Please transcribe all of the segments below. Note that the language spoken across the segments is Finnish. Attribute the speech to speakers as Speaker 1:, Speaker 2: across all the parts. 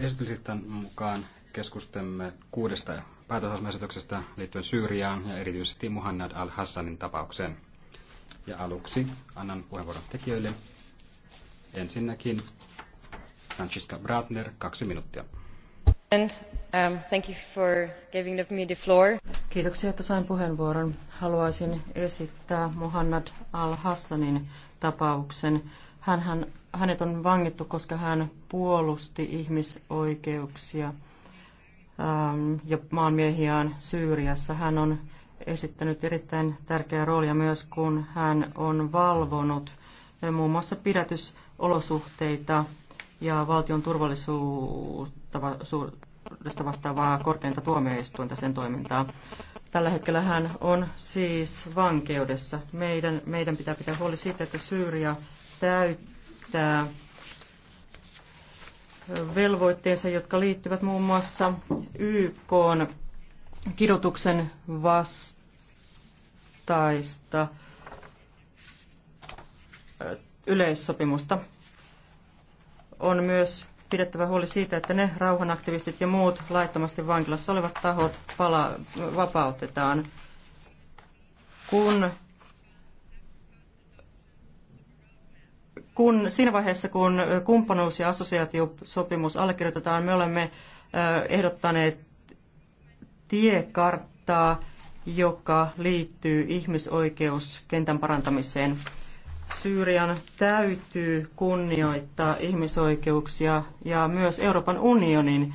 Speaker 1: Esityslistan mukaan keskustemme kuudesta päätösasmaesityksestä liittyen Syyriaan ja erityisesti Muhannad al-Hassanin tapaukseen. Ja aluksi annan puheenvuoron tekijöille. Ensinnäkin Francesca Bratner, kaksi minuuttia. And, um,
Speaker 2: thank you for giving me the floor. Kiitoksia, että sain puheenvuoron. Haluaisin esittää Muhannad al-Hassanin tapauksen. Hänhän hänet on vangittu, koska hän puolusti ihmisoikeuksia ähm, ja maanmiehiään Syyriassa. Hän on esittänyt erittäin tärkeää roolia myös, kun hän on valvonut äh, muun muassa pidätysolosuhteita ja valtion turvallisuudesta vastaavaa korkeinta tuomioistuinta sen toimintaa. Tällä hetkellä hän on siis vankeudessa. Meidän, meidän pitää pitää huoli siitä, että Syyria täyttää esittää velvoitteensa, jotka liittyvät muun muassa YK kidutuksen vastaista yleissopimusta. On myös pidettävä huoli siitä, että ne rauhanaktivistit ja muut laittomasti vankilassa olevat tahot pala- vapautetaan. Kun kun, siinä vaiheessa, kun kumppanuus- ja assosiaatiosopimus allekirjoitetaan, me olemme ehdottaneet tiekarttaa, joka liittyy ihmisoikeuskentän parantamiseen. Syyrian täytyy kunnioittaa ihmisoikeuksia ja myös Euroopan unionin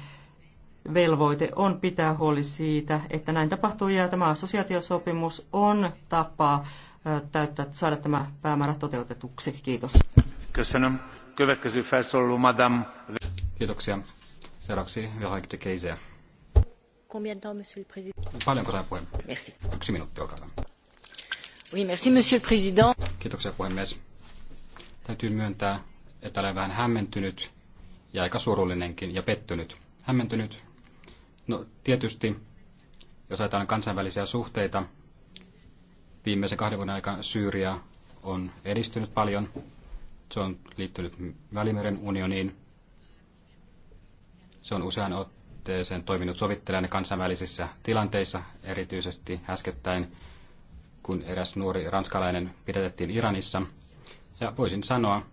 Speaker 2: velvoite on pitää huoli siitä, että näin tapahtuu ja tämä assosiaatiosopimus on tapa täyttää, saada tämä päämäärä toteutetuksi. Kiitos
Speaker 1: monsieur le président. Täytyy myöntää, että olen vähän hämmentynyt ja aika surullinenkin ja pettynyt. Hämmentynyt? No tietysti, jos ajatellaan kansainvälisiä suhteita, viimeisen kahden vuoden aikana Syyria on edistynyt paljon se on liittynyt Välimeren unioniin. Se on usean otteeseen toiminut sovittelijana kansainvälisissä tilanteissa, erityisesti äskettäin, kun eräs nuori ranskalainen pidätettiin Iranissa. Ja voisin sanoa,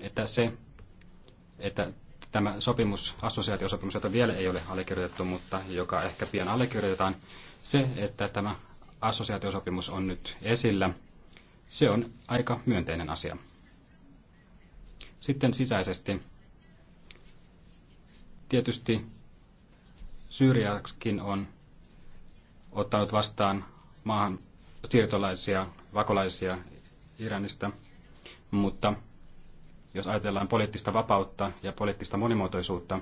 Speaker 1: että se, että tämä sopimus, assosiaatiosopimus, jota vielä ei ole allekirjoitettu, mutta joka ehkä pian allekirjoitetaan, se, että tämä assosiaatiosopimus on nyt esillä, se on aika myönteinen asia. Sitten sisäisesti. Tietysti Syyriakin on ottanut vastaan maahan siirtolaisia, vakolaisia Iranista, mutta jos ajatellaan poliittista vapautta ja poliittista monimuotoisuutta,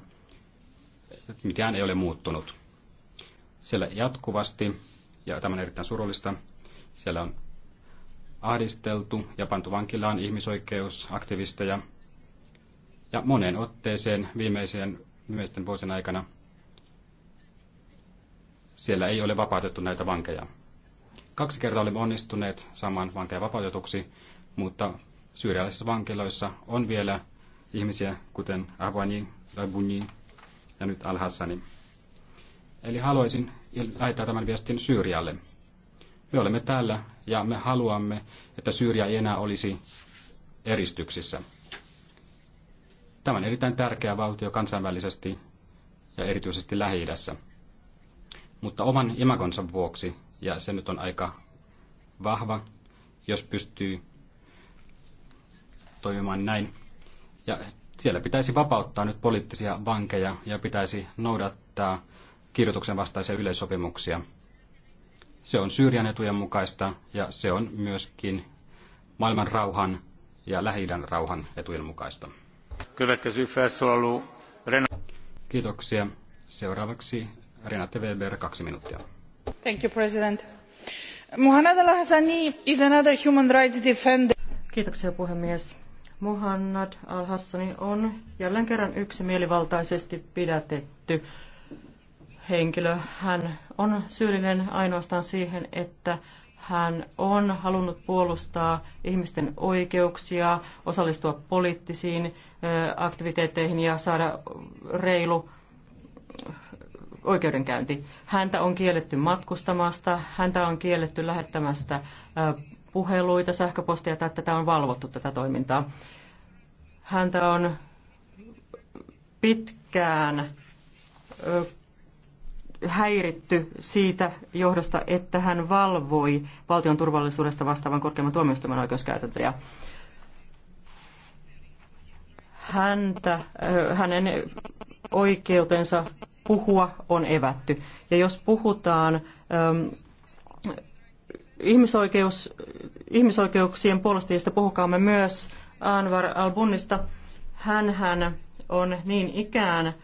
Speaker 1: mikään ei ole muuttunut. Siellä jatkuvasti, ja tämä on erittäin surullista, siellä on ahdisteltu ja pantu vankilaan ihmisoikeusaktivisteja, ja moneen otteeseen viimeisen, viimeisten vuosien aikana siellä ei ole vapautettu näitä vankeja. Kaksi kertaa olemme onnistuneet saamaan vankeja vapautetuksi, mutta syyrialaisissa vankiloissa on vielä ihmisiä, kuten Avani, Rabuni ja nyt Al-Hassani. Eli haluaisin laittaa tämän viestin Syyrialle. Me olemme täällä ja me haluamme, että Syyria ei enää olisi eristyksissä. Tämä on erittäin tärkeä valtio kansainvälisesti ja erityisesti lähi -idässä. Mutta oman imagonsa vuoksi, ja se nyt on aika vahva, jos pystyy toimimaan näin. Ja siellä pitäisi vapauttaa nyt poliittisia vankeja ja pitäisi noudattaa kirjoituksen vastaisia yleissopimuksia. Se on Syyrian etujen mukaista ja se on myöskin maailman rauhan ja lähi rauhan etujen mukaista. Kiitoksia. Seuraavaksi kaksi minuuttia.
Speaker 3: Thank you, President.
Speaker 2: puhemies. Muhannad al-Hassani on jälleen kerran yksi mielivaltaisesti pidätetty henkilö. Hän on syyllinen ainoastaan siihen, että hän on halunnut puolustaa ihmisten oikeuksia, osallistua poliittisiin aktiviteetteihin ja saada reilu oikeudenkäynti. Häntä on kielletty matkustamasta, häntä on kielletty lähettämästä puheluita, sähköpostia tai tätä on valvottu tätä toimintaa. Häntä on pitkään häiritty siitä johdosta, että hän valvoi valtion turvallisuudesta vastaavan korkeimman tuomioistuimen oikeuskäytäntöjä. Häntä, hänen oikeutensa puhua on evätty. Ja jos puhutaan ähm, ihmisoikeus, ihmisoikeuksien puolustajista, puhukaamme myös Anwar al-Bunnista. Hänhän on niin ikään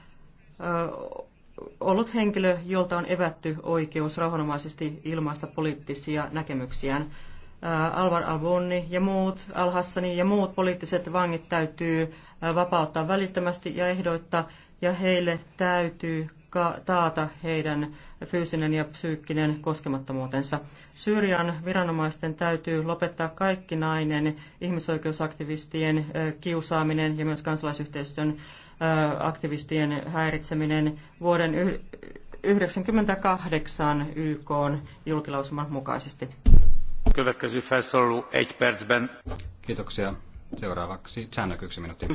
Speaker 2: ollut henkilö, jolta on evätty oikeus rauhanomaisesti ilmaista poliittisia näkemyksiään. Äh, Alvar Albonni ja muut, Al-Hassani ja muut poliittiset vangit täytyy äh, vapauttaa välittömästi ja ehdoitta, ja heille täytyy taata heidän fyysinen ja psyykkinen koskemattomuutensa. Syyrian viranomaisten täytyy lopettaa kaikki nainen ihmisoikeusaktivistien äh, kiusaaminen ja myös kansalaisyhteisön aktivistien häiritseminen vuoden 1998 YK julkilausuman mukaisesti.
Speaker 1: Kiitoksia. Seuraavaksi Channak yksi minuutti.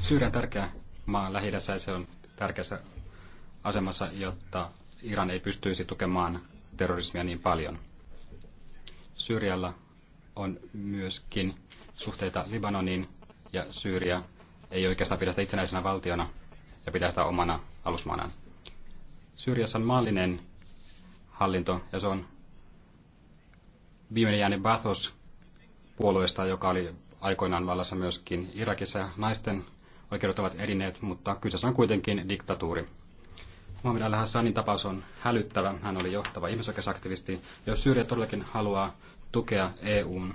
Speaker 1: Syyrian tärkeä maa lähi se on tärkeässä asemassa, jotta Iran ei pystyisi tukemaan terrorismia niin paljon. Syyrialla on myöskin suhteita Libanoniin ja Syyria ei oikeastaan pidä sitä itsenäisenä valtiona ja pitää sitä omana alusmaanaan. Syyriassa on maallinen hallinto ja se on viimeinen jäänyt Bathos puolueesta, joka oli aikoinaan vallassa myöskin Irakissa. Naisten oikeudet ovat edineet, mutta kyseessä on kuitenkin diktatuuri. Muhammed al-Hassanin tapaus on hälyttävä. Hän oli johtava ihmisoikeusaktivisti. Jos Syyria todellakin haluaa tukea EUn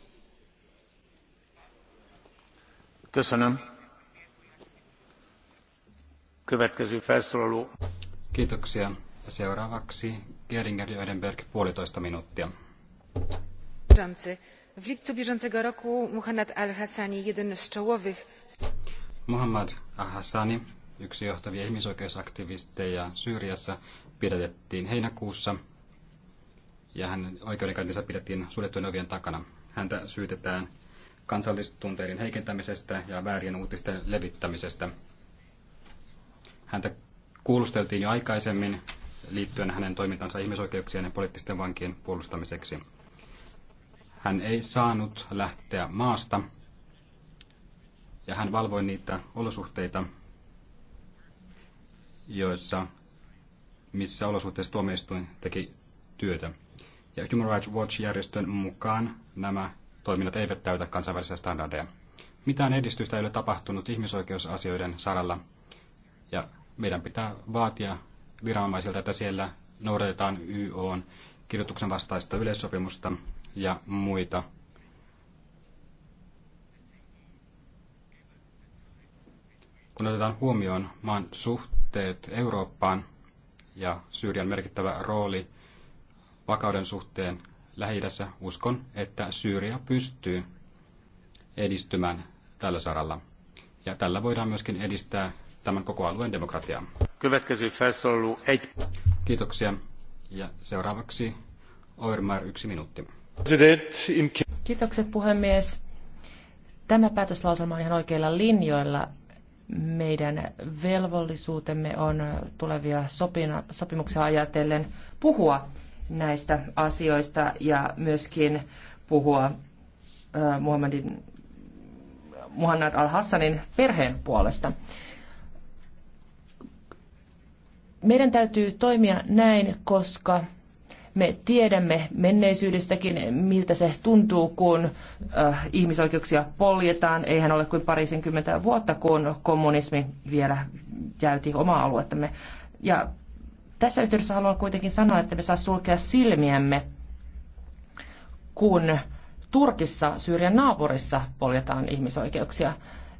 Speaker 1: seuraavaksi Geringer Ödenberg puolitoista minuuttia.
Speaker 4: W lipcu bieżącego roku muhannad al-Hassani, jeden z czołowych...
Speaker 1: muhannad al-Hassani, yksi johtavia ihmisoikeusaktivisteja Syyriassa, pidätettiin heinäkuussa ja hänen oikeudenkäyntinsä pidettiin suljettujen ovien takana. Häntä syytetään kansallistunteiden heikentämisestä ja väärien uutisten levittämisestä. Häntä kuulusteltiin jo aikaisemmin liittyen hänen toimintansa ihmisoikeuksien ja poliittisten vankien puolustamiseksi. Hän ei saanut lähteä maasta ja hän valvoi niitä olosuhteita, joissa, missä olosuhteissa tuomioistuin teki työtä. Ja Human Rights Watch-järjestön mukaan nämä toiminnat eivät täytä kansainvälisiä standardeja. Mitään edistystä ei ole tapahtunut ihmisoikeusasioiden saralla, ja meidän pitää vaatia viranomaisilta, että siellä noudatetaan YOn kirjoituksen vastaista yleissopimusta ja muita kun otetaan huomioon maan suhteet Eurooppaan ja Syyrian merkittävä rooli vakauden suhteen lähi uskon, että Syyria pystyy edistymään tällä saralla. Ja tällä voidaan myöskin edistää tämän koko alueen demokratiaa. Kiitoksia. Ja seuraavaksi Oirmar yksi minuutti.
Speaker 3: Kiitokset puhemies. Tämä päätöslauselma on ihan oikeilla linjoilla. Meidän velvollisuutemme on tulevia sopina, sopimuksia ajatellen puhua näistä asioista ja myöskin puhua Muhammadin, Muhannad al-Hassanin perheen puolesta. Meidän täytyy toimia näin, koska me tiedämme menneisyydestäkin, miltä se tuntuu, kun äh, ihmisoikeuksia poljetaan. Eihän ole kuin parisenkymmentä vuotta, kun kommunismi vielä jäyti omaa aluettamme. Ja tässä yhteydessä haluan kuitenkin sanoa, että me saa sulkea silmiämme, kun Turkissa, Syyrian naapurissa, poljetaan ihmisoikeuksia.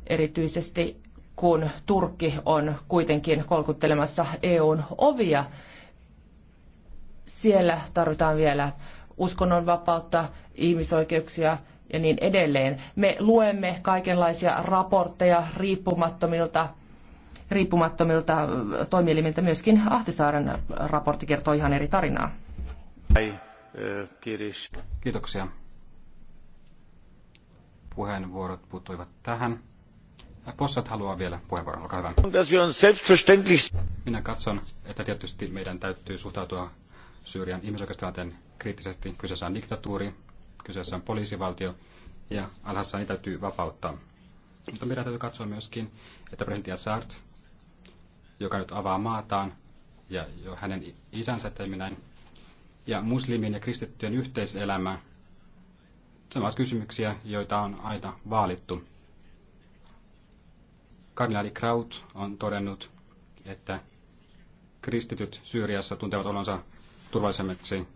Speaker 3: Erityisesti kun Turkki on kuitenkin kolkuttelemassa EUn ovia, siellä tarvitaan vielä uskonnonvapautta, ihmisoikeuksia ja niin edelleen. Me luemme kaikenlaisia raportteja riippumattomilta riippumattomilta toimielimiltä. Myöskin Ahtisaaren raportti kertoo ihan eri tarinaa.
Speaker 1: Eh, Kiitoksia. Puheenvuorot puuttuivat tähän. Possat haluaa vielä puheenvuoron, olkaa hyvä. Minä katson, että tietysti meidän täytyy suhtautua Syyrian ihmisoikeustilanteen kriittisesti. Kyseessä on diktatuuri, kyseessä on poliisivaltio ja al täytyy vapauttaa. Mutta meidän täytyy katsoa myöskin, että presidentti Assad joka nyt avaa maataan, ja jo hänen isänsä teki näin. Ja muslimien ja kristittyjen yhteiselämä, se on kysymyksiä, joita on aina vaalittu. Kardinaali Kraut on todennut, että kristityt Syyriassa tuntevat olonsa turvallisemmiksi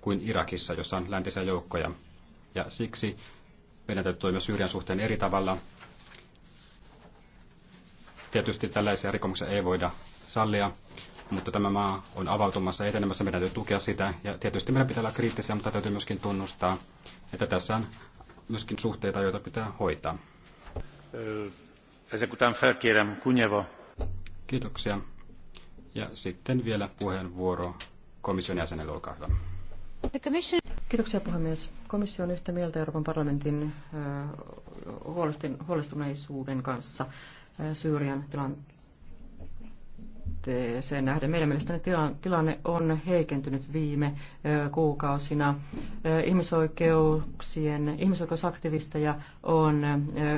Speaker 1: kuin Irakissa, jossa on läntisiä joukkoja. Ja siksi meidän täytyy toimia Syyrian suhteen eri tavalla Tietysti tällaisia rikomuksia ei voida sallia, mutta tämä maa on avautumassa etenemässä. Meidän täytyy tukea sitä ja tietysti meidän pitää olla kriittisiä, mutta täytyy myöskin tunnustaa, että tässä on myöskin suhteita, joita pitää hoitaa. Kiitoksia. Ja sitten vielä puheenvuoro komission jäsenelle, olkaa hyvä.
Speaker 2: Kiitoksia puhemies. Komissio on yhtä mieltä Euroopan parlamentin huolestuneisuuden kanssa. Syyrian tilanteeseen nähden. Meidän mielestäni tilanne on heikentynyt viime kuukausina. Ihmisoikeuksien, ihmisoikeusaktivisteja on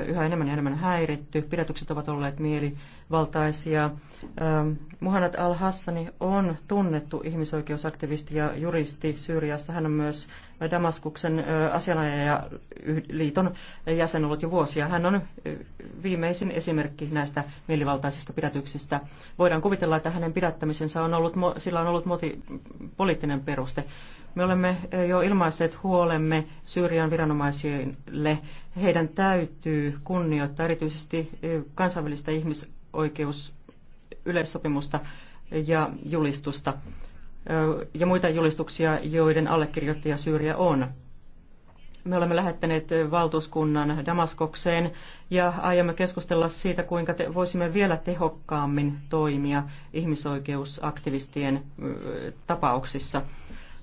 Speaker 2: yhä enemmän ja enemmän häiritty. Pidätykset ovat olleet mieli Valtaisia ähm, Muhannad al-Hassani on tunnettu ihmisoikeusaktivisti ja juristi Syyriassa. Hän on myös Damaskuksen äh, asianajaja liiton jäsen ollut jo vuosia. Hän on äh, viimeisin esimerkki näistä mielivaltaisista pidätyksistä. Voidaan kuvitella, että hänen pidättämisensä on ollut, sillä on ollut moti, poliittinen peruste. Me olemme äh, jo ilmaisseet huolemme Syyrian viranomaisille. Heidän täytyy kunnioittaa erityisesti kansainvälistä ihmisoikeutta ihmisoikeus yleissopimusta ja julistusta ja muita julistuksia, joiden allekirjoittaja Syyria on. Me olemme lähettäneet valtuuskunnan Damaskokseen ja aiomme keskustella siitä, kuinka te voisimme vielä tehokkaammin toimia ihmisoikeusaktivistien tapauksissa.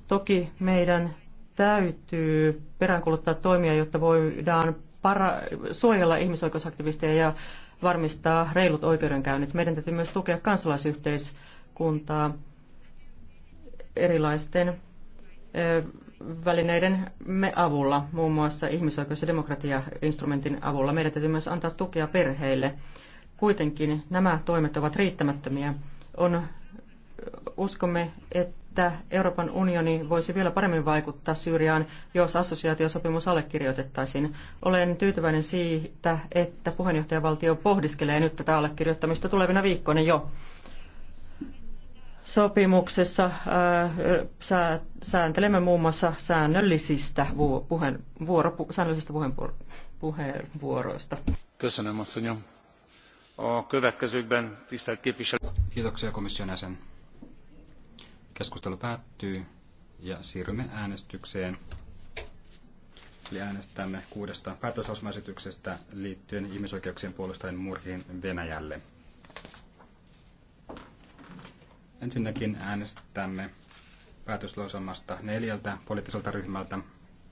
Speaker 2: Toki meidän täytyy peräänkuluttaa toimia, jotta voidaan para- suojella ihmisoikeusaktivisteja ja varmistaa reilut oikeudenkäynnit. Meidän täytyy myös tukea kansalaisyhteiskuntaa erilaisten välineiden me avulla, muun muassa ihmisoikeus- ja demokratia-instrumentin avulla. Meidän täytyy myös antaa tukea perheille. Kuitenkin nämä toimet ovat riittämättömiä. On uskomme, että Euroopan unioni voisi vielä paremmin vaikuttaa Syyriaan, jos assosiaatiosopimus allekirjoitettaisiin. Olen tyytyväinen siitä, että puheenjohtajavaltio pohdiskelee nyt tätä allekirjoittamista tulevina viikkoina jo. Sopimuksessa ää, äh, sääntelemme muun muassa säännöllisistä, vuo, puheen, vuoro, pu, säännöllisistä
Speaker 1: puheenvuoroista. Köszönöm, asszonyom. Kiitoksia komission jäsen. Keskustelu päättyy ja siirrymme äänestykseen. Eli äänestämme kuudesta päätöslausmaesityksestä liittyen ihmisoikeuksien puolustajien murhiin Venäjälle. Ensinnäkin äänestämme päätöslausamasta neljältä poliittiselta ryhmältä